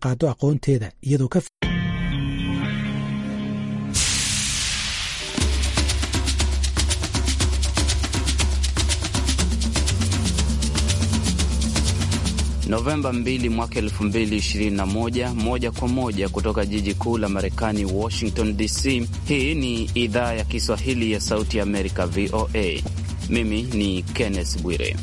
qaado aqoonteeda iyadoo ka Novemba 2 mwaka 2021, moja kwa moja kutoka jiji kuu la Marekani, Washington DC. Hii ni idhaa ya Kiswahili ya Sauti ya Amerika, VOA. Mimi ni Kenneth Bwire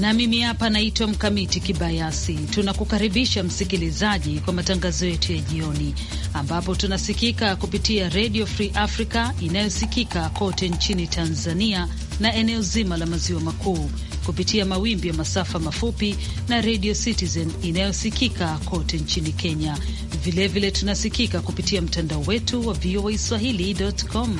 na mimi hapa naitwa Mkamiti Kibayasi. Tunakukaribisha msikilizaji kwa matangazo yetu ya jioni, ambapo tunasikika kupitia Radio Free Africa inayosikika kote nchini Tanzania na eneo zima la maziwa makuu kupitia mawimbi ya masafa mafupi na Radio Citizen inayosikika kote nchini Kenya. Vilevile vile tunasikika kupitia mtandao wetu wa VOA swahili.com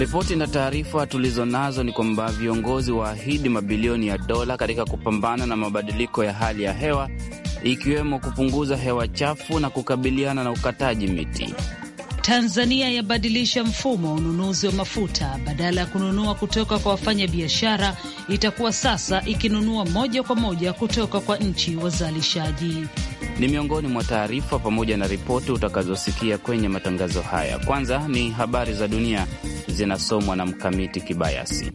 Ripoti na taarifa tulizonazo ni kwamba viongozi waahidi mabilioni ya dola katika kupambana na mabadiliko ya hali ya hewa ikiwemo kupunguza hewa chafu na kukabiliana na ukataji miti. Tanzania yabadilisha mfumo wa ununuzi wa mafuta. Badala ya kununua kutoka kwa wafanya biashara, itakuwa sasa ikinunua moja kwa moja kutoka kwa nchi wazalishaji. Ni miongoni mwa taarifa pamoja na ripoti utakazosikia kwenye matangazo haya. Kwanza ni habari za dunia zinasomwa na Mkamiti Kibayasi.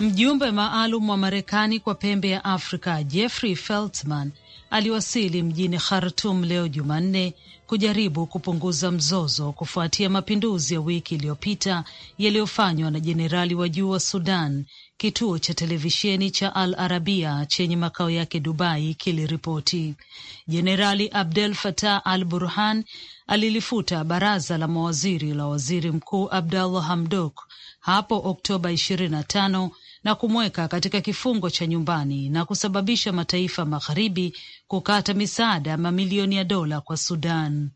Mjumbe maalum wa Marekani kwa pembe ya Afrika Jeffrey Feltman aliwasili mjini Khartum leo Jumanne kujaribu kupunguza mzozo kufuatia mapinduzi ya wiki iliyopita yaliyofanywa na jenerali wa juu wa Sudan. Kituo cha televisheni cha Al Arabia chenye makao yake Dubai kiliripoti. Jenerali Abdel Fattah Al Burhan alilifuta baraza la mawaziri la waziri mkuu Abdallah Hamdok hapo Oktoba na kumweka katika kifungo cha nyumbani na kusababisha mataifa magharibi kukata misaada ya mamilioni ya dola kwa Sudan.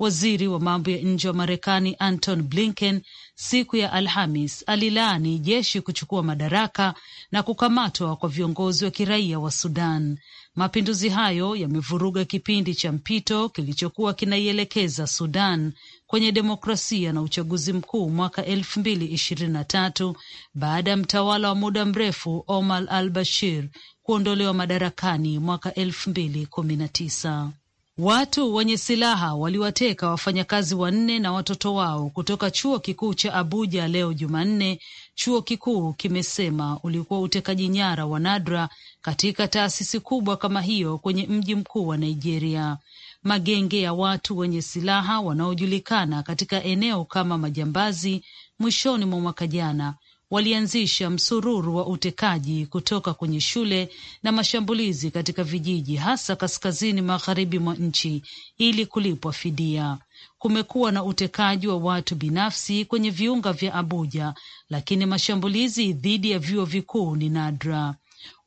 Waziri wa mambo ya nje wa Marekani Anton Blinken siku ya Alhamis alilaani jeshi kuchukua madaraka na kukamatwa kwa viongozi wa kiraia wa Sudan. Mapinduzi hayo yamevuruga kipindi cha mpito kilichokuwa kinaielekeza Sudan kwenye demokrasia na uchaguzi mkuu mwaka elfu mbili ishirini na tatu baada ya mtawala wa muda mrefu Omar al Bashir kuondolewa madarakani mwaka elfu mbili kumi na tisa. Watu wenye silaha waliwateka wafanyakazi wanne na watoto wao kutoka chuo kikuu cha Abuja leo Jumanne, chuo kikuu kimesema. Ulikuwa utekaji nyara wa nadra katika taasisi kubwa kama hiyo kwenye mji mkuu wa Nigeria. Magenge ya watu wenye silaha wanaojulikana katika eneo kama majambazi mwishoni mwa mwaka jana walianzisha msururu wa utekaji kutoka kwenye shule na mashambulizi katika vijiji, hasa kaskazini magharibi mwa nchi ili kulipwa fidia. Kumekuwa na utekaji wa watu binafsi kwenye viunga vya Abuja, lakini mashambulizi dhidi ya vyuo vikuu ni nadra.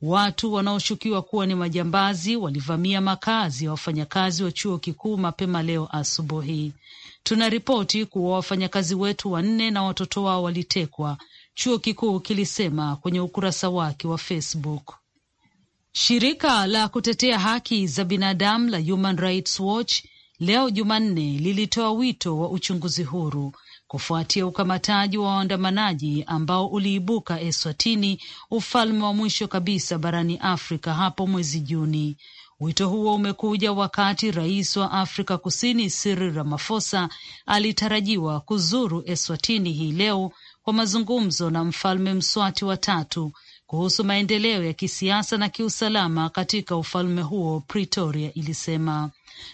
Watu wanaoshukiwa kuwa ni majambazi walivamia makazi ya wafanyakazi wa chuo kikuu mapema leo asubuhi. tuna ripoti kuwa wafanyakazi wetu wanne na watoto wao walitekwa, chuo kikuu kilisema kwenye ukurasa wake wa Facebook. Shirika la kutetea haki za binadamu la Human Rights Watch leo Jumanne lilitoa wito wa uchunguzi huru kufuatia ukamataji wa waandamanaji ambao uliibuka Eswatini, ufalme wa mwisho kabisa barani Afrika hapo mwezi Juni. Wito huo umekuja wakati rais wa Afrika Kusini Cyril Ramaphosa alitarajiwa kuzuru Eswatini hii leo kwa mazungumzo na Mfalme Mswati wa tatu kuhusu maendeleo ya kisiasa na kiusalama katika ufalme huo, Pretoria ilisema.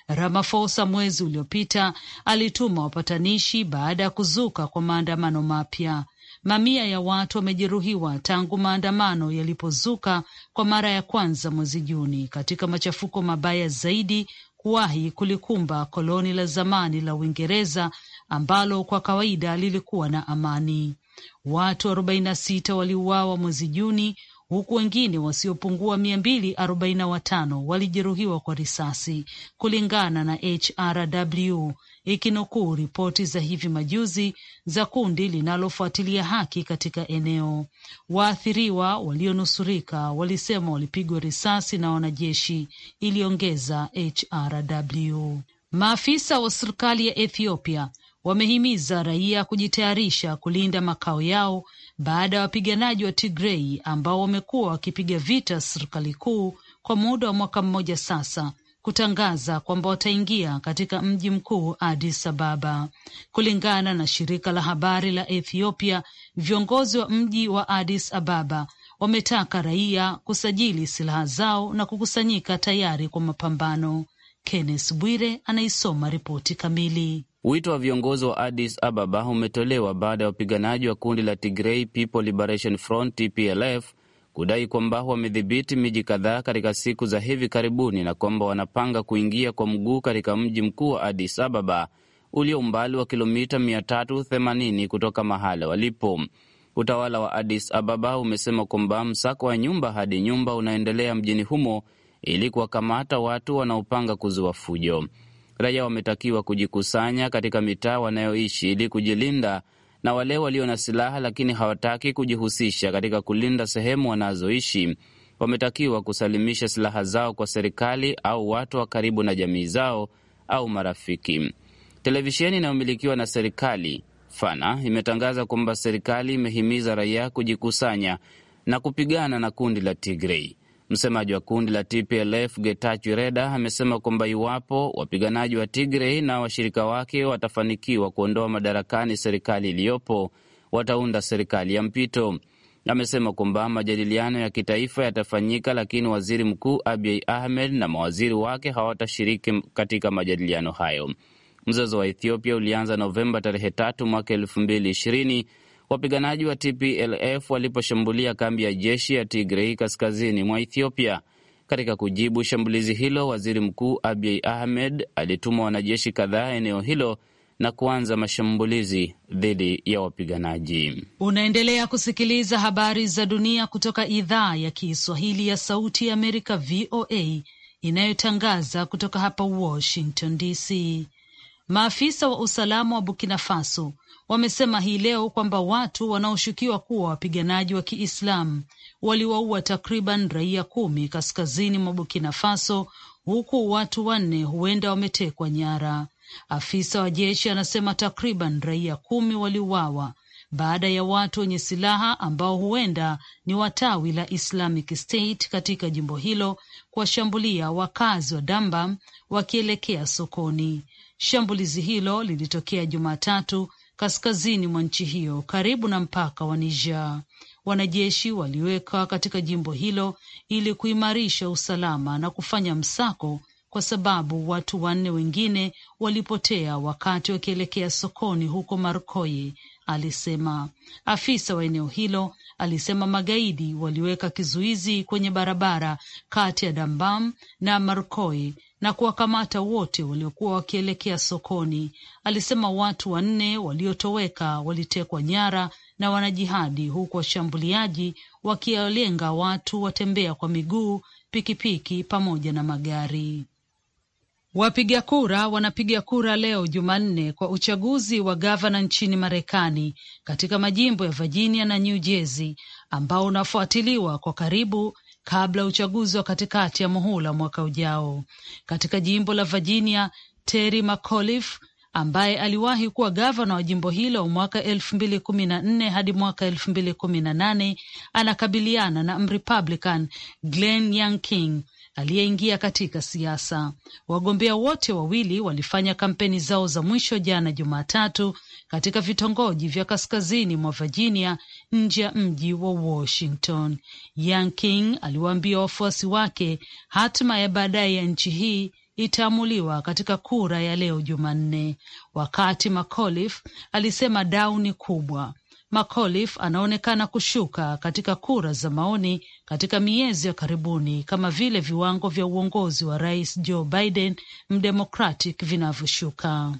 Ramaphosa mwezi uliopita alituma wapatanishi baada ya kuzuka kwa maandamano mapya. Mamia ya watu wamejeruhiwa tangu maandamano yalipozuka kwa mara ya kwanza mwezi Juni, katika machafuko mabaya zaidi kuwahi kulikumba koloni la zamani la Uingereza ambalo kwa kawaida lilikuwa na amani. Watu 46 waliuawa mwezi Juni, huku wengine wasiopungua 245 walijeruhiwa kwa risasi, kulingana na HRW ikinukuu ripoti za hivi majuzi za kundi linalofuatilia haki katika eneo. Waathiriwa walionusurika walisema walipigwa risasi na wanajeshi, iliongeza HRW. Maafisa wa serikali ya Ethiopia wamehimiza raia kujitayarisha kulinda makao yao baada ya wapiganaji wa Tigrei ambao wamekuwa wakipiga vita serikali kuu kwa muda wa mwaka mmoja sasa kutangaza kwamba wataingia katika mji mkuu Addis Ababa. Kulingana na shirika la habari la Ethiopia, viongozi wa mji wa Addis Ababa wametaka raia kusajili silaha zao na kukusanyika tayari kwa mapambano. Kenneth Bwire anaisoma ripoti kamili. Wito wa viongozi wa Addis Ababa umetolewa baada ya wapiganaji wa kundi la Tigray People Liberation Front TPLF kudai kwamba wamedhibiti miji kadhaa katika siku za hivi karibuni na kwamba wanapanga kuingia kwa mguu katika mji mkuu wa Addis Ababa ulio umbali wa kilomita 380 kutoka mahala walipo. Utawala wa Addis Ababa umesema kwamba msako wa nyumba hadi nyumba unaendelea mjini humo ili kuwakamata watu wanaopanga kuzua fujo. Raia wametakiwa kujikusanya katika mitaa wanayoishi ili kujilinda na wale walio na silaha lakini hawataki kujihusisha katika kulinda sehemu wanazoishi wametakiwa kusalimisha silaha zao kwa serikali au watu wa karibu na jamii zao au marafiki. Televisheni inayomilikiwa na serikali Fana imetangaza kwamba serikali imehimiza raia kujikusanya na kupigana na kundi la Tigrei. Msemaji wa kundi la TPLF Getachew Reda amesema kwamba iwapo wapiganaji wa Tigrey na washirika wake watafanikiwa kuondoa madarakani serikali iliyopo, wataunda serikali ya mpito. Amesema kwamba majadiliano ya kitaifa yatafanyika, lakini waziri mkuu Abiy Ahmed na mawaziri wake hawatashiriki katika majadiliano hayo. Mzozo wa Ethiopia ulianza Novemba tarehe tatu mwaka elfu mbili ishirini wapiganaji wa TPLF waliposhambulia kambi ya jeshi ya Tigrei kaskazini mwa Ethiopia. Katika kujibu shambulizi hilo, waziri mkuu Abiy Ahmed alituma wanajeshi kadhaa eneo hilo na kuanza mashambulizi dhidi ya wapiganaji. Unaendelea kusikiliza habari za dunia kutoka idhaa ya Kiswahili ya Sauti ya Amerika, VOA, inayotangaza kutoka hapa Washington DC. Maafisa wa usalama wa Burkina Faso wamesema hii leo kwamba watu wanaoshukiwa kuwa wapiganaji wa Kiislamu waliwaua takriban raia kumi kaskazini mwa Burkina Faso, huku watu wanne huenda wametekwa nyara. Afisa wa jeshi anasema takriban raia kumi waliuawa baada ya watu wenye silaha ambao huenda ni watawi la Islamic State katika jimbo hilo kuwashambulia wakazi wa Damba wakielekea sokoni. Shambulizi hilo lilitokea Jumatatu kaskazini mwa nchi hiyo karibu na mpaka wa Niger. Wanajeshi waliweka katika jimbo hilo ili kuimarisha usalama na kufanya msako, kwa sababu watu wanne wengine walipotea wakati wakielekea sokoni huko Markoye, alisema. Afisa wa eneo hilo alisema magaidi waliweka kizuizi kwenye barabara kati ya Dambam na Markoye na kuwakamata wote waliokuwa wakielekea sokoni. Alisema watu wanne waliotoweka walitekwa nyara na wanajihadi, huku washambuliaji wakiwalenga watu watembea kwa miguu, pikipiki pamoja na magari. Wapiga kura wanapiga kura leo Jumanne kwa uchaguzi wa gavana nchini Marekani katika majimbo ya Virginia na New Jersey ambao unafuatiliwa kwa karibu kabla uchaguzi wa katikati ya muhula mwaka ujao. Katika jimbo la Virginia, Terry McAuliffe ambaye aliwahi kuwa gavana wa jimbo hilo mwaka elfu mbili kumi na nne hadi mwaka elfu mbili kumi na nane anakabiliana na Mrepublican Glenn Youngkin aliyeingia katika siasa. Wagombea wote wawili walifanya kampeni zao za mwisho jana Jumatatu katika vitongoji vya kaskazini mwa Virginia nje ya mji wa Washington. king aliwaambia wafuasi wake hatima ya baadaye ya nchi hii itaamuliwa katika kura ya leo Jumanne, wakati McAuliffe alisema dau ni kubwa. McAuliffe anaonekana kushuka katika kura za maoni katika miezi ya karibuni kama vile viwango vya uongozi wa Rais Joe Biden mdemocratic vinavyoshuka.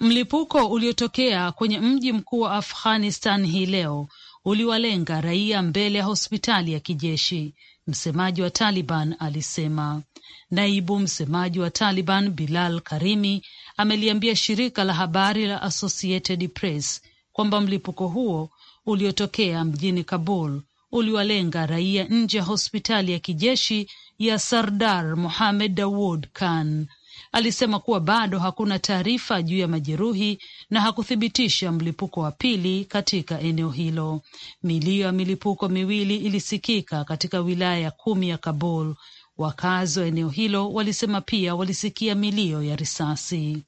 Mlipuko uliotokea kwenye mji mkuu wa Afghanistan hii leo uliwalenga raia mbele ya hospitali ya kijeshi, msemaji wa Taliban alisema. Naibu msemaji wa Taliban Bilal Karimi ameliambia shirika la habari la Associated Press kwamba mlipuko huo uliotokea mjini Kabul uliwalenga raia nje ya hospitali ya kijeshi ya Sardar Mohamed Dawood Khan. Alisema kuwa bado hakuna taarifa juu ya majeruhi na hakuthibitisha mlipuko wa pili katika eneo hilo. Milio ya milipuko miwili ilisikika katika wilaya ya kumi ya Kabul. Wakazi wa eneo hilo walisema pia walisikia milio ya risasi.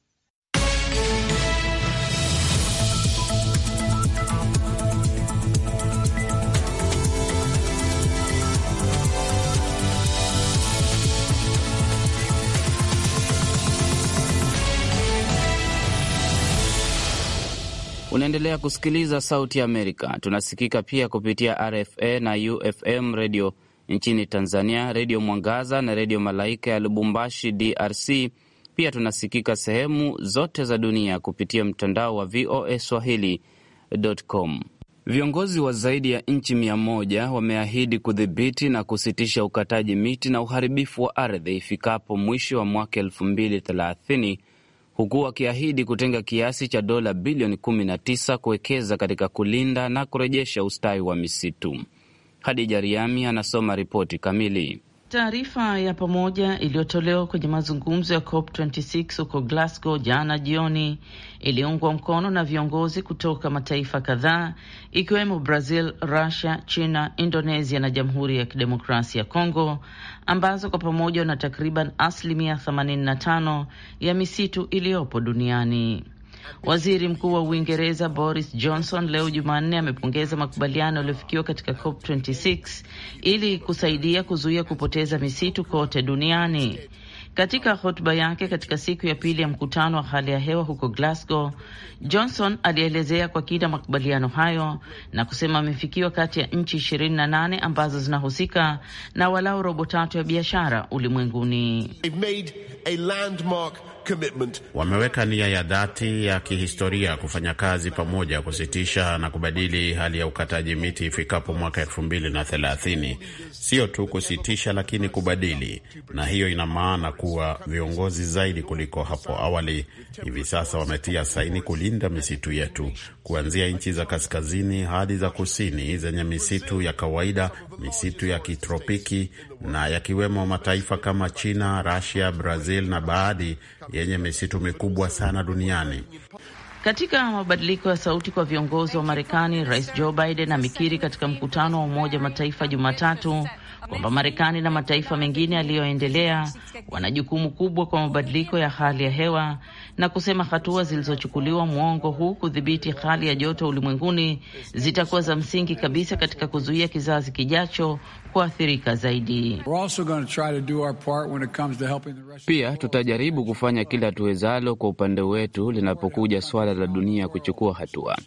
Unaendelea kusikiliza Sauti ya Amerika. Tunasikika pia kupitia RFA na UFM redio nchini Tanzania, Redio Mwangaza na Redio Malaika ya Lubumbashi, DRC. Pia tunasikika sehemu zote za dunia kupitia mtandao wa VOA Swahili.com. Viongozi wa zaidi ya nchi mia moja wameahidi kudhibiti na kusitisha ukataji miti na uharibifu wa ardhi ifikapo mwisho wa mwaka elfu mbili thelathini huku wakiahidi kutenga kiasi cha dola bilioni 19 kuwekeza katika kulinda na kurejesha ustawi wa misitu. Hadija Riami anasoma ripoti kamili. Taarifa ya pamoja iliyotolewa kwenye mazungumzo ya COP26 huko Glasgow jana jioni iliungwa mkono na viongozi kutoka mataifa kadhaa ikiwemo Brazil, Russia, China, Indonesia na Jamhuri ya Kidemokrasia ya Kongo ambazo kwa pamoja wana takriban asilimia 85 ya misitu iliyopo duniani. Waziri Mkuu wa Uingereza Boris Johnson leo Jumanne amepongeza makubaliano yaliyofikiwa katika COP26 ili kusaidia kuzuia kupoteza misitu kote duniani. Katika hotuba yake katika siku ya pili ya mkutano wa hali ya hewa huko Glasgow, Johnson alielezea kwa kina makubaliano hayo na kusema amefikiwa kati ya nchi 28 ambazo zinahusika na walau robo tatu ya biashara ulimwenguni. Wameweka nia ya dhati ya kihistoria kufanya kazi pamoja kusitisha na kubadili hali ya ukataji miti ifikapo mwaka elfu mbili na thelathini. Sio tu kusitisha, lakini kubadili, na hiyo ina maana kuwa viongozi zaidi kuliko hapo awali hivi sasa wametia saini kulinda misitu yetu, kuanzia nchi za kaskazini hadi za kusini zenye misitu ya kawaida, misitu ya kitropiki na yakiwemo mataifa kama China, rusia Brazil na baadhi yenye misitu mikubwa sana duniani. Katika mabadiliko ya sauti kwa viongozi wa Marekani, Rais Joe Biden amekiri katika mkutano wa Umoja Mataifa Jumatatu kwamba Marekani na mataifa mengine yaliyoendelea wana jukumu kubwa kwa mabadiliko ya hali ya hewa na kusema hatua zilizochukuliwa mwongo huu kudhibiti hali ya joto ulimwenguni zitakuwa za msingi kabisa katika kuzuia kizazi kijacho kuathirika zaidi. Pia tutajaribu kufanya kila tuwezalo kwa upande wetu linapokuja swala la dunia kuchukua hatua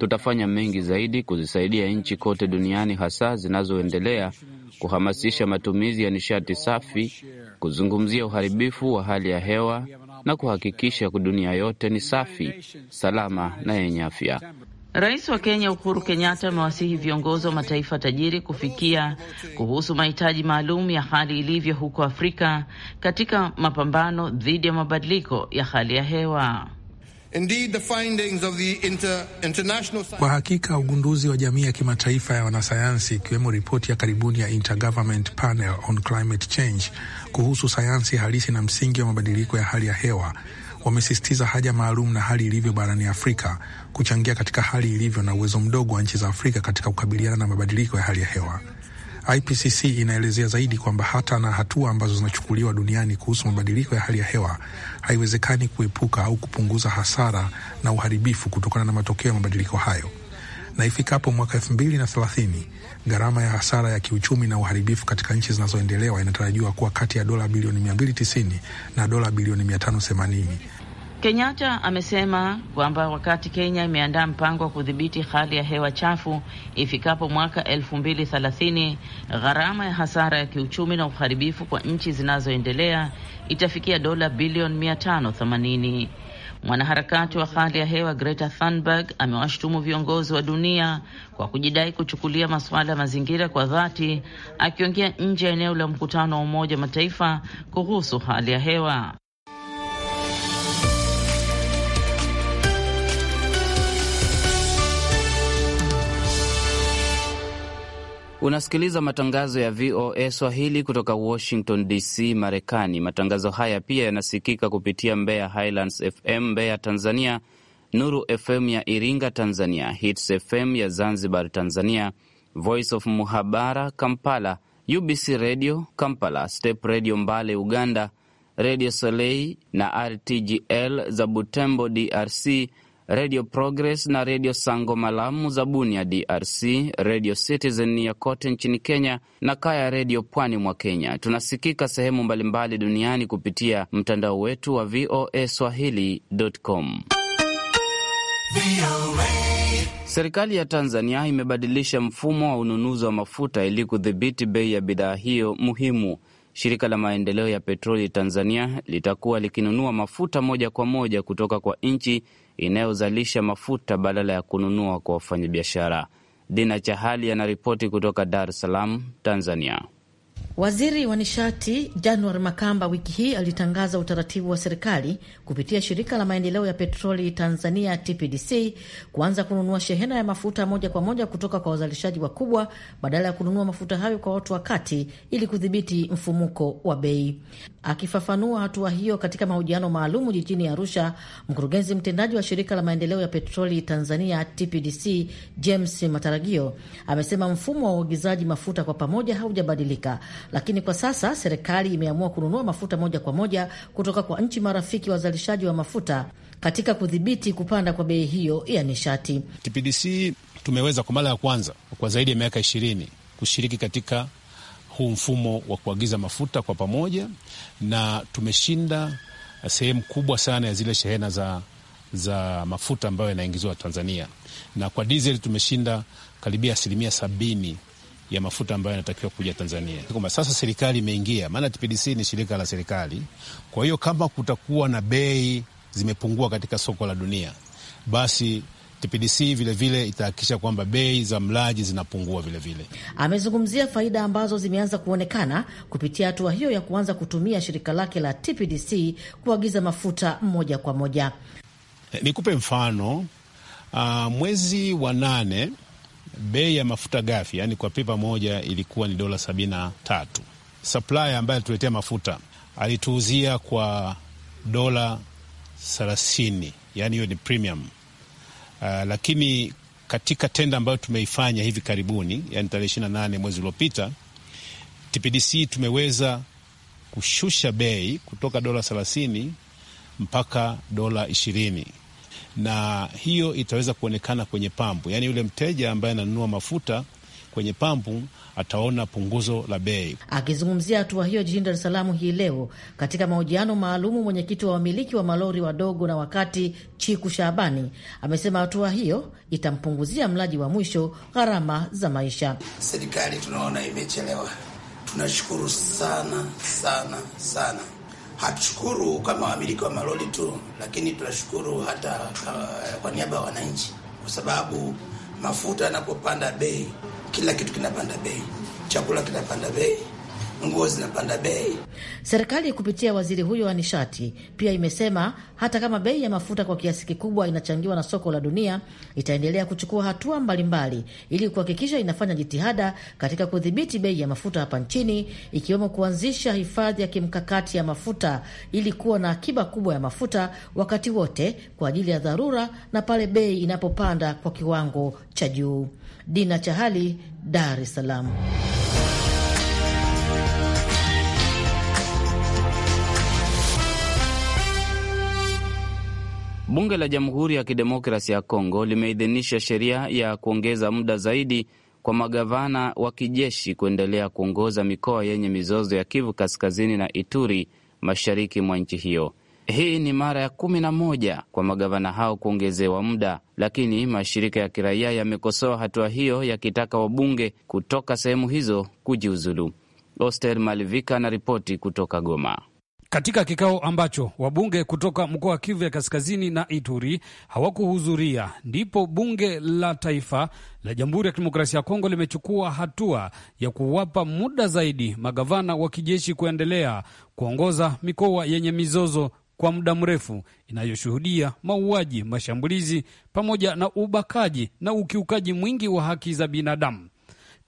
tutafanya mengi zaidi kuzisaidia nchi kote duniani, hasa zinazoendelea, kuhamasisha matumizi ya nishati safi, kuzungumzia uharibifu wa hali ya hewa na kuhakikisha dunia yote ni safi, salama na yenye afya. Rais wa Kenya Uhuru Kenyatta amewasihi viongozi wa mataifa tajiri kufikia kuhusu mahitaji maalum ya hali ilivyo huko Afrika katika mapambano dhidi ya mabadiliko ya hali ya hewa. Indeed, the findings of the inter, international... Kwa hakika ugunduzi wa jamii ya kimataifa ya wanasayansi ikiwemo ripoti ya karibuni ya Intergovernment Panel on Climate Change kuhusu sayansi halisi na msingi wa mabadiliko ya hali ya hewa wamesisitiza haja maalum na hali ilivyo barani Afrika kuchangia katika hali ilivyo na uwezo mdogo wa nchi za Afrika katika kukabiliana na mabadiliko ya hali ya hewa. IPCC inaelezea zaidi kwamba hata na hatua ambazo zinachukuliwa duniani kuhusu mabadiliko ya hali ya hewa haiwezekani kuepuka au kupunguza hasara na uharibifu kutokana na matokeo ya mabadiliko hayo, na ifikapo mwaka elfu mbili na thelathini gharama ya hasara ya kiuchumi na uharibifu katika nchi zinazoendelewa inatarajiwa kuwa kati ya dola bilioni 290 na dola bilioni themanini. Kenyatta amesema kwamba wakati Kenya imeandaa mpango wa kudhibiti hali ya hewa chafu ifikapo mwaka 2030, gharama ya hasara ya kiuchumi na uharibifu kwa nchi zinazoendelea itafikia dola bilioni 580. Mwanaharakati wa hali ya hewa Greta Thunberg amewashutumu viongozi wa dunia kwa kujidai kuchukulia masuala ya mazingira kwa dhati, akiongea nje ya eneo la mkutano wa Umoja Mataifa kuhusu hali ya hewa. Unasikiliza matangazo ya VOA Swahili kutoka Washington DC, Marekani. Matangazo haya pia yanasikika kupitia Mbeya Highlands FM Mbeya, Tanzania, Nuru FM ya Iringa, Tanzania, Hits FM ya Zanzibar, Tanzania, Voice of Muhabara Kampala, UBC Radio Kampala, Step Radio Mbale Uganda, Radio Soleil na RTGL za Butembo DRC, Redio Progress na Redio Sango Malamu za Bunia DRC, Redio Citizen ya kote nchini Kenya na Kaya Redio pwani mwa Kenya. Tunasikika sehemu mbalimbali duniani kupitia mtandao wetu wa VOA Swahili.com. Serikali ya Tanzania imebadilisha mfumo wa ununuzi wa mafuta ili kudhibiti bei ya bidhaa hiyo muhimu. Shirika la maendeleo ya petroli Tanzania litakuwa likinunua mafuta moja kwa moja kutoka kwa nchi inayozalisha mafuta badala ya kununua kwa wafanyabiashara. Dina Chahali anaripoti kutoka Dar es Salaam, Tanzania. Waziri wa nishati Januari Makamba wiki hii alitangaza utaratibu wa serikali kupitia shirika la maendeleo ya petroli Tanzania TPDC kuanza kununua shehena ya mafuta moja kwa moja kutoka kwa wazalishaji wakubwa badala ya kununua mafuta hayo kwa watu wa kati ili kudhibiti mfumuko wa bei. Akifafanua hatua hiyo katika mahojiano maalumu jijini Arusha, mkurugenzi mtendaji wa shirika la maendeleo ya petroli Tanzania TPDC James Mataragio amesema mfumo wa uagizaji mafuta kwa pamoja haujabadilika lakini kwa sasa serikali imeamua kununua mafuta moja kwa moja kutoka kwa nchi marafiki wazalishaji wa mafuta katika kudhibiti kupanda kwa bei hiyo ya nishati. TPDC tumeweza kwa mara ya kwanza kwa zaidi ya miaka ishirini kushiriki katika huu mfumo wa kuagiza mafuta kwa pamoja, na tumeshinda sehemu kubwa sana ya zile shehena za, za mafuta ambayo yanaingiziwa Tanzania, na kwa dizeli tumeshinda karibia asilimia sabini ya mafuta ambayo yanatakiwa kuja Tanzania. Kuma sasa serikali imeingia, maana TPDC ni shirika la serikali. Kwa hiyo kama kutakuwa na bei zimepungua katika soko la dunia, basi TPDC vilevile itahakikisha kwamba bei za mlaji zinapungua vilevile. Amezungumzia faida ambazo zimeanza kuonekana kupitia hatua hiyo ya kuanza kutumia shirika lake la TPDC kuagiza mafuta moja kwa moja. Eh, nikupe mfano uh, mwezi wa nane bei ya mafuta gafi yani kwa pipa moja ilikuwa ni dola sabini na tatu. Supplier ambaye alituletea mafuta alituuzia kwa dola thelathini, yani hiyo ni premium. Uh, lakini katika tenda ambayo tumeifanya hivi karibuni, yani tarehe ishirini na nane mwezi uliopita, TPDC tumeweza kushusha bei kutoka dola thelathini mpaka dola ishirini na hiyo itaweza kuonekana kwenye pampu, yaani yule mteja ambaye ananunua mafuta kwenye pampu ataona punguzo la bei. Akizungumzia hatua hiyo jijini Dar es Salaam hii leo katika mahojiano maalumu, mwenyekiti wa wamiliki wa malori wadogo na wakati Chiku Shabani amesema hatua hiyo itampunguzia mlaji wa mwisho gharama za maisha. Serikali tunaona imechelewa, tunashukuru sana sana sana. Hatushukuru kama wamiliki wa malori tu, lakini tunashukuru hata uh, kwa niaba ya wananchi, kwa sababu mafuta yanapopanda bei, kila kitu kinapanda bei, chakula kinapanda bei nguo zinapanda bei. Serikali kupitia waziri huyo wa nishati pia imesema hata kama bei ya mafuta kwa kiasi kikubwa inachangiwa na soko la dunia, itaendelea kuchukua hatua mbalimbali ili kuhakikisha inafanya jitihada katika kudhibiti bei ya mafuta hapa nchini, ikiwemo kuanzisha hifadhi ya kimkakati ya mafuta ili kuwa na akiba kubwa ya mafuta wakati wote kwa ajili ya dharura na pale bei inapopanda kwa kiwango cha juu. Dina Chahali, Dar es Salaam. Bunge la Jamhuri ya Kidemokrasi ya Kongo limeidhinisha sheria ya kuongeza muda zaidi kwa magavana wa kijeshi kuendelea kuongoza mikoa yenye mizozo ya Kivu Kaskazini na Ituri, mashariki mwa nchi hiyo. Hii ni mara ya kumi na moja kwa magavana hao kuongezewa muda, lakini mashirika ya kiraia yamekosoa hatua hiyo yakitaka wabunge kutoka sehemu hizo kujiuzulu. Oster Malivika anaripoti kutoka Goma. Katika kikao ambacho wabunge kutoka mkoa wa Kivu ya Kaskazini na Ituri hawakuhudhuria, ndipo bunge la taifa la Jamhuri ya Kidemokrasia ya Kongo limechukua hatua ya kuwapa muda zaidi magavana wa kijeshi kuendelea kuongoza mikoa yenye mizozo kwa muda mrefu inayoshuhudia mauaji, mashambulizi pamoja na ubakaji na ukiukaji mwingi wa haki za binadamu.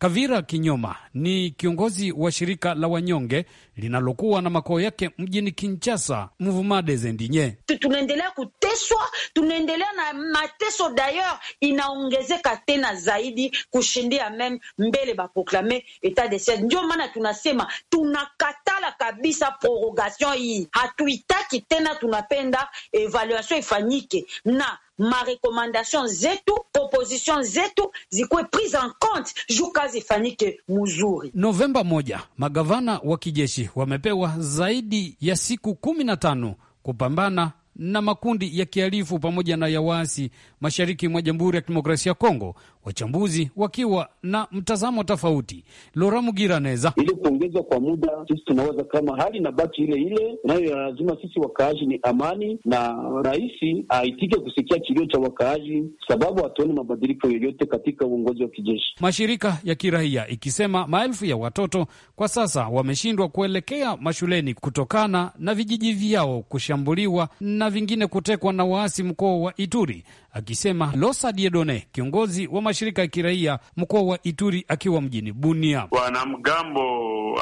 Kavira Kinyoma ni kiongozi wa shirika la wanyonge linalokuwa na makao yake mjini Kinshasa. Mvumade Zendinye: tunaendelea kuteswa, tunaendelea na mateso dayor, inaongezeka tena zaidi kushindia meme mbele baproklame etat de siege. Ndio maana tunasema tunakata tunakatala kabisa prorogation hii, hatuitaki tena. Tunapenda evaluation ifanyike na marekomandation zetu proposition zetu zikuwe prise en compte juu kazi ifanyike mzuri. Novemba moja, magavana wa kijeshi wamepewa zaidi ya siku kumi na tano kupambana na makundi ya kihalifu pamoja na ya waasi mashariki mwa Jamhuri ya Kidemokrasia ya Kongo wachambuzi wakiwa na mtazamo tofauti. Lora neza ili kuongezwa kwa muda, sisi tunaweza kama hali inabaki ile ile, nayo lazima sisi wakaaji ni amani, na rais aitike kusikia kilio cha wakaaji, sababu hatuoni mabadiliko yoyote katika uongozi wa kijeshi. Mashirika ya kiraia ikisema maelfu ya watoto kwa sasa wameshindwa kuelekea mashuleni kutokana na vijiji vyao kushambuliwa na vingine kutekwa na waasi, mkoa wa Ituri, akisema Losa Diedone, kiongozi wa mashirika ya kiraia mkoa wa Ituri akiwa mjini Bunia. Wanamgambo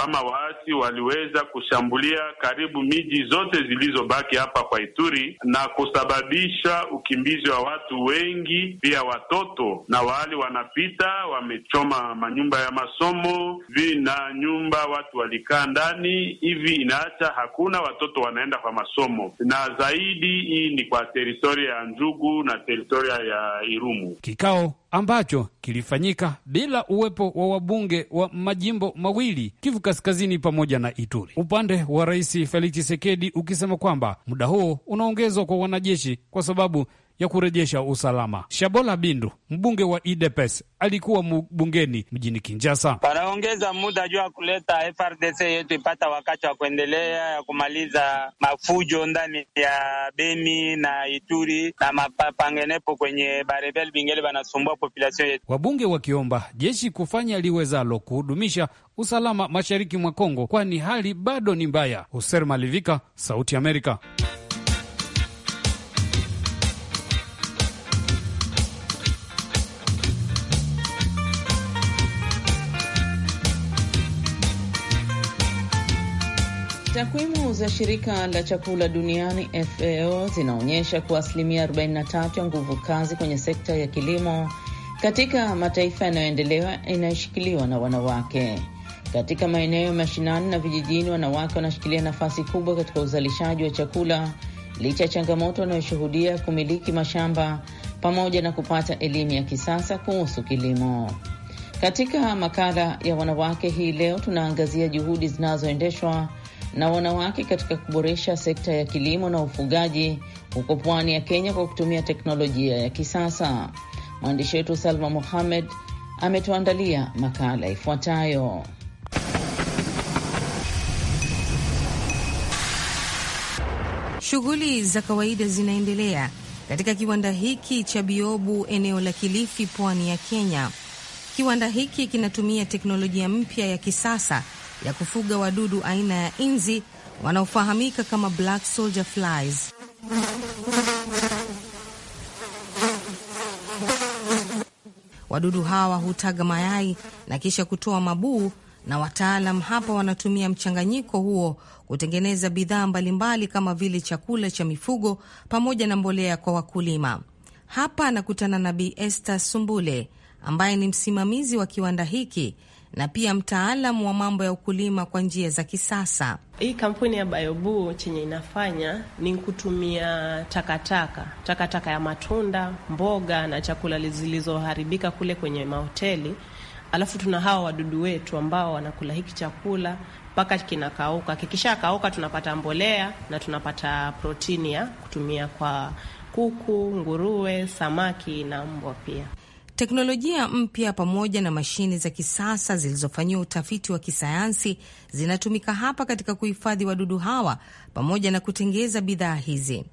ama waasi waliweza kushambulia karibu miji zote zilizobaki hapa kwa Ituri na kusababisha ukimbizi wa watu wengi, pia watoto na wali wanapita, wamechoma manyumba ya masomo vina nyumba, watu walikaa ndani hivi, inaacha hakuna watoto wanaenda kwa masomo, na zaidi hii ni kwa teritoria ya Njugu na teritoria ya Irumu. Kikao ambacho kilifanyika bila uwepo wa wabunge wa majimbo mawili Kivu Kaskazini pamoja na Ituri, upande wa Rais Felix chisekedi ukisema kwamba muda huo unaongezwa kwa wanajeshi kwa sababu ya kurejesha usalama. Shabola Bindu, mbunge wa IDPS, alikuwa bungeni mjini kinjasa Panaongeza muda juu ya kuleta FRDC yetu ipata wakati wa kuendelea ya kumaliza mafujo ndani ya Beni na Ituri na mapangenepo kwenye barebel bingeli banasumbua populasion yetu. Wabunge wakiomba jeshi kufanya liwezalo kuhudumisha usalama mashariki mwa Kongo, kwani hali bado ni mbaya. Hoser Malivika, Sauti Amerika. Takwimu za shirika la chakula duniani FAO zinaonyesha kuwa asilimia 43 ya nguvu kazi kwenye sekta ya kilimo katika mataifa yanayoendelewa inayoshikiliwa na wanawake. Katika maeneo ya mashinani na vijijini, wanawake wanashikilia nafasi kubwa katika uzalishaji wa chakula licha ya changamoto wanayoshuhudia kumiliki mashamba pamoja na kupata elimu ya kisasa kuhusu kilimo. Katika makala ya wanawake hii leo, tunaangazia juhudi zinazoendeshwa na wanawake katika kuboresha sekta ya kilimo na ufugaji huko pwani ya Kenya kwa kutumia teknolojia ya kisasa. Mwandishi wetu Salma Mohamed ametuandalia makala ifuatayo. Shughuli za kawaida zinaendelea katika kiwanda hiki cha Biobu, eneo la Kilifi, pwani ya Kenya. Kiwanda hiki kinatumia teknolojia mpya ya kisasa ya kufuga wadudu aina ya inzi wanaofahamika kama black soldier flies. Wadudu hawa hutaga mayai na kisha kutoa mabuu, na wataalam hapa wanatumia mchanganyiko huo kutengeneza bidhaa mbalimbali kama vile chakula cha mifugo pamoja na mbolea kwa wakulima. Hapa anakutana na Bi Esther Sumbule ambaye ni msimamizi wa kiwanda hiki na pia mtaalam wa mambo ya ukulima kwa njia za kisasa. Hii kampuni ya bayobu chenye inafanya ni kutumia takataka, takataka ya matunda, mboga na chakula zilizoharibika kule kwenye mahoteli, alafu tuna hawa wadudu wetu ambao wanakula hiki chakula mpaka kinakauka. kikisha kauka tunapata mbolea na tunapata protini ya kutumia kwa kuku, nguruwe, samaki na mbwa pia. Teknolojia mpya pamoja na mashine za kisasa zilizofanyiwa utafiti wa kisayansi zinatumika hapa katika kuhifadhi wadudu hawa pamoja na kutengeza bidhaa hizi.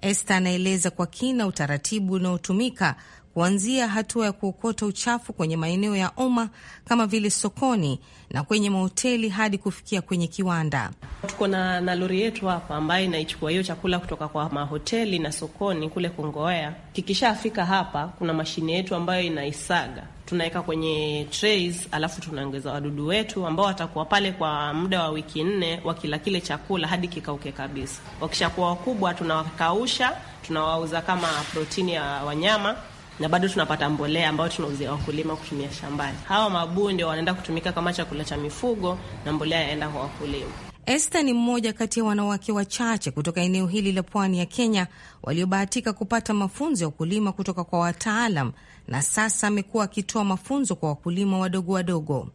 Esta anaeleza kwa kina utaratibu unaotumika kuanzia hatua ya kuokota uchafu kwenye maeneo ya umma kama vile sokoni na kwenye mahoteli hadi kufikia kwenye kiwanda. Tuko na, na lori yetu hapa ambayo inaichukua hiyo chakula kutoka kwa mahoteli na sokoni kule Kongowea. Kikishafika hapa, kuna mashine yetu ambayo inaisaga tunaweka kwenye trays, alafu tunaongeza wadudu wetu ambao watakuwa pale kwa muda wa wiki nne wakila kile chakula hadi kikauke kabisa. Wakishakuwa wakubwa tunawakausha, tunawauza kama protini ya wanyama na bado tunapata mbolea ambayo tunauzia wakulima kutumia shambani. Hawa ndio wanaenda kutumika kama chakula cha mifugo na mbolea yaenda kwa wakulima. Esther ni mmoja kati ya wanawake wachache kutoka eneo hili la pwani ya Kenya waliobahatika kupata mafunzo ya ukulima kutoka kwa wataalam, na sasa amekuwa akitoa mafunzo kwa wakulima wadogo wadogo.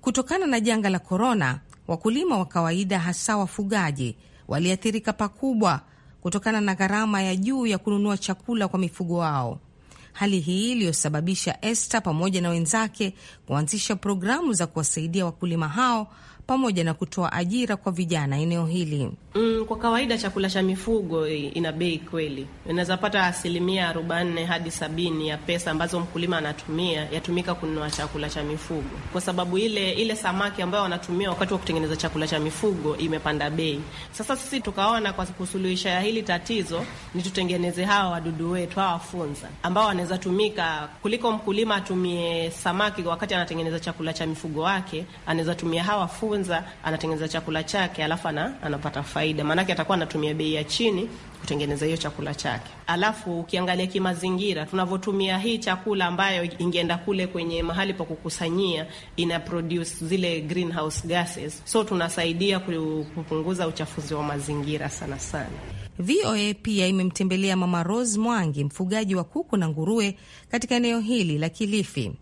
Kutokana na janga la korona, wakulima wa kawaida, hasa wafugaji, waliathirika pakubwa kutokana na gharama ya juu ya kununua chakula kwa mifugo wao hali hii iliyosababisha Esther pamoja na wenzake kuanzisha programu za kuwasaidia wakulima hao pamoja na kutoa ajira kwa vijana eneo hili. Mm, kwa kawaida chakula cha mifugo eh, ina bei kweli, unaweza pata asilimia arobaini hadi sabini ya pesa ambazo mkulima anatumia yatumika kununua chakula cha mifugo, kwa sababu ile ile samaki ambayo wanatumia wakati wa kutengeneza chakula cha mifugo imepanda bei. Sasa sisi tukaona kwa kusuluhisha hili tatizo ni tutengeneze hawa wadudu wetu hawa funza ambao wanaweza tumika, kuliko mkulima atumie samaki wakati anatengeneza chakula cha mifugo wake, anaweza tumia hawa funza, anatengeneza chakula chake alafu anapata faida faida, maanake atakuwa anatumia bei ya chini kutengeneza hiyo chakula chake. Alafu ukiangalia kimazingira, tunavyotumia hii chakula ambayo ingeenda kule kwenye mahali pa kukusanyia, ina produce zile greenhouse gases, so tunasaidia kupunguza uchafuzi wa mazingira sana sana. VOA pia imemtembelea Mama Rose Mwangi, mfugaji wa kuku na nguruwe katika eneo hili la Kilifi.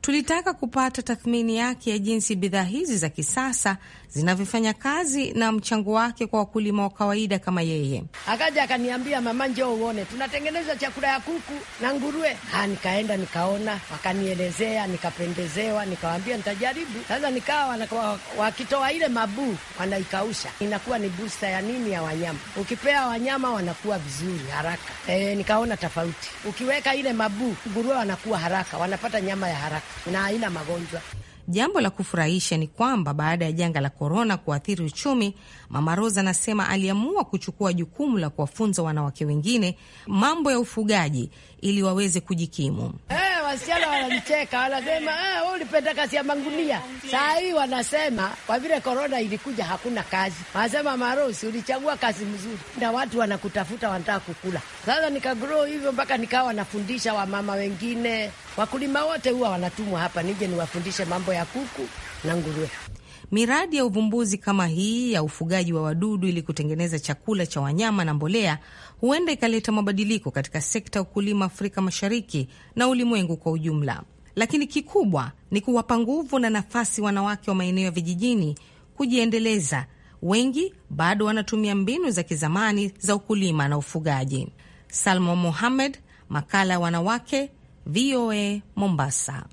Tulitaka kupata tathmini yake ya jinsi bidhaa hizi za kisasa zinavyofanya kazi na mchango wake kwa wakulima wa kawaida kama yeye. Akaja akaniambia, mama, njoo uone, tunatengeneza chakula ya kuku na nguruwe. Ha, nikaenda nikaona, wakanielezea, nikapendezewa, nikawambia nitajaribu. Sasa nikawa wakitoa ile mabuu wanaikausha, inakuwa ni busta ya nini ya wanyama. Ukipea wanyama wanakuwa vizuri haraka. E, nikaona tofauti. Ukiweka ile mabuu, nguruwe wanakuwa haraka, wanapata nyama ya haraka na haina magonjwa. Jambo la kufurahisha ni kwamba baada ya janga la korona kuathiri uchumi, Mama Rosa anasema aliamua kuchukua jukumu la kuwafunza wanawake wengine mambo ya ufugaji ili waweze kujikimu. Hey! Eh, wasichana wanalicheka wanasema ah, wewe ulipenda kazi ya mangunia. Saa hii wanasema kwa vile korona ilikuja hakuna kazi, wanasema Marosi, ulichagua kazi mzuri na watu wanakutafuta, wanataka kukula. Sasa nikagrow hivyo mpaka nikawa wanafundisha wamama wengine, wakulima wote huwa wanatumwa hapa nije niwafundishe mambo ya kuku na nguruwe. Miradi ya uvumbuzi kama hii ya ufugaji wa wadudu ili kutengeneza chakula cha wanyama na mbolea huenda ikaleta mabadiliko katika sekta ya ukulima Afrika Mashariki na ulimwengu kwa ujumla, lakini kikubwa ni kuwapa nguvu na nafasi wanawake wa maeneo ya vijijini kujiendeleza. Wengi bado wanatumia mbinu za kizamani za ukulima na ufugaji. Salma Mohamed, makala ya wanawake, VOA Mombasa.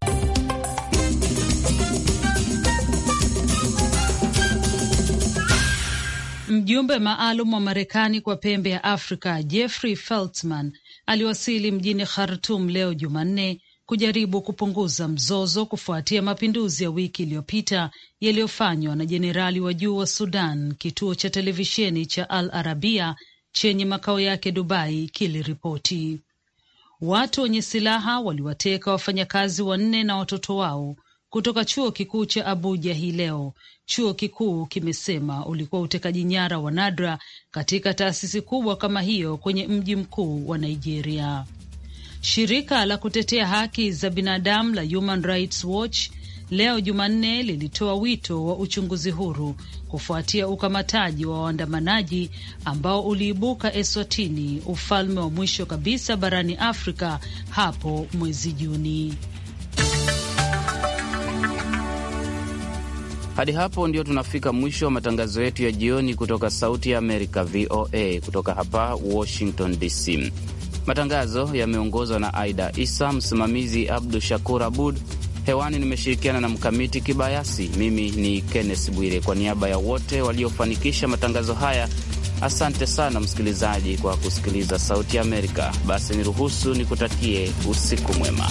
Mjumbe maalum wa Marekani kwa pembe ya Afrika Jeffrey Feltman aliwasili mjini Khartum leo Jumanne kujaribu kupunguza mzozo kufuatia mapinduzi ya wiki iliyopita yaliyofanywa na jenerali wa juu wa Sudan, kituo cha televisheni cha Al Arabia chenye makao yake Dubai kiliripoti. Watu wenye silaha waliwateka wafanyakazi wanne na watoto wao kutoka chuo kikuu cha Abuja hii leo. Chuo kikuu kimesema ulikuwa utekaji nyara wa nadra katika taasisi kubwa kama hiyo kwenye mji mkuu wa Nigeria. Shirika la kutetea haki za binadamu la Human Rights Watch leo Jumanne lilitoa wito wa uchunguzi huru kufuatia ukamataji wa waandamanaji ambao uliibuka Eswatini, ufalme wa mwisho kabisa barani Afrika hapo mwezi Juni. Hadi hapo ndio tunafika mwisho wa matangazo yetu ya jioni kutoka Sauti ya Amerika, VOA, kutoka hapa Washington DC. Matangazo yameongozwa na Aida Isa, msimamizi Abdu Shakur Abud. Hewani nimeshirikiana na Mkamiti Kibayasi. Mimi ni Kenneth Bwire, kwa niaba ya wote waliofanikisha matangazo haya, asante sana msikilizaji kwa kusikiliza Sauti ya Amerika. Basi niruhusu nikutakie usiku mwema.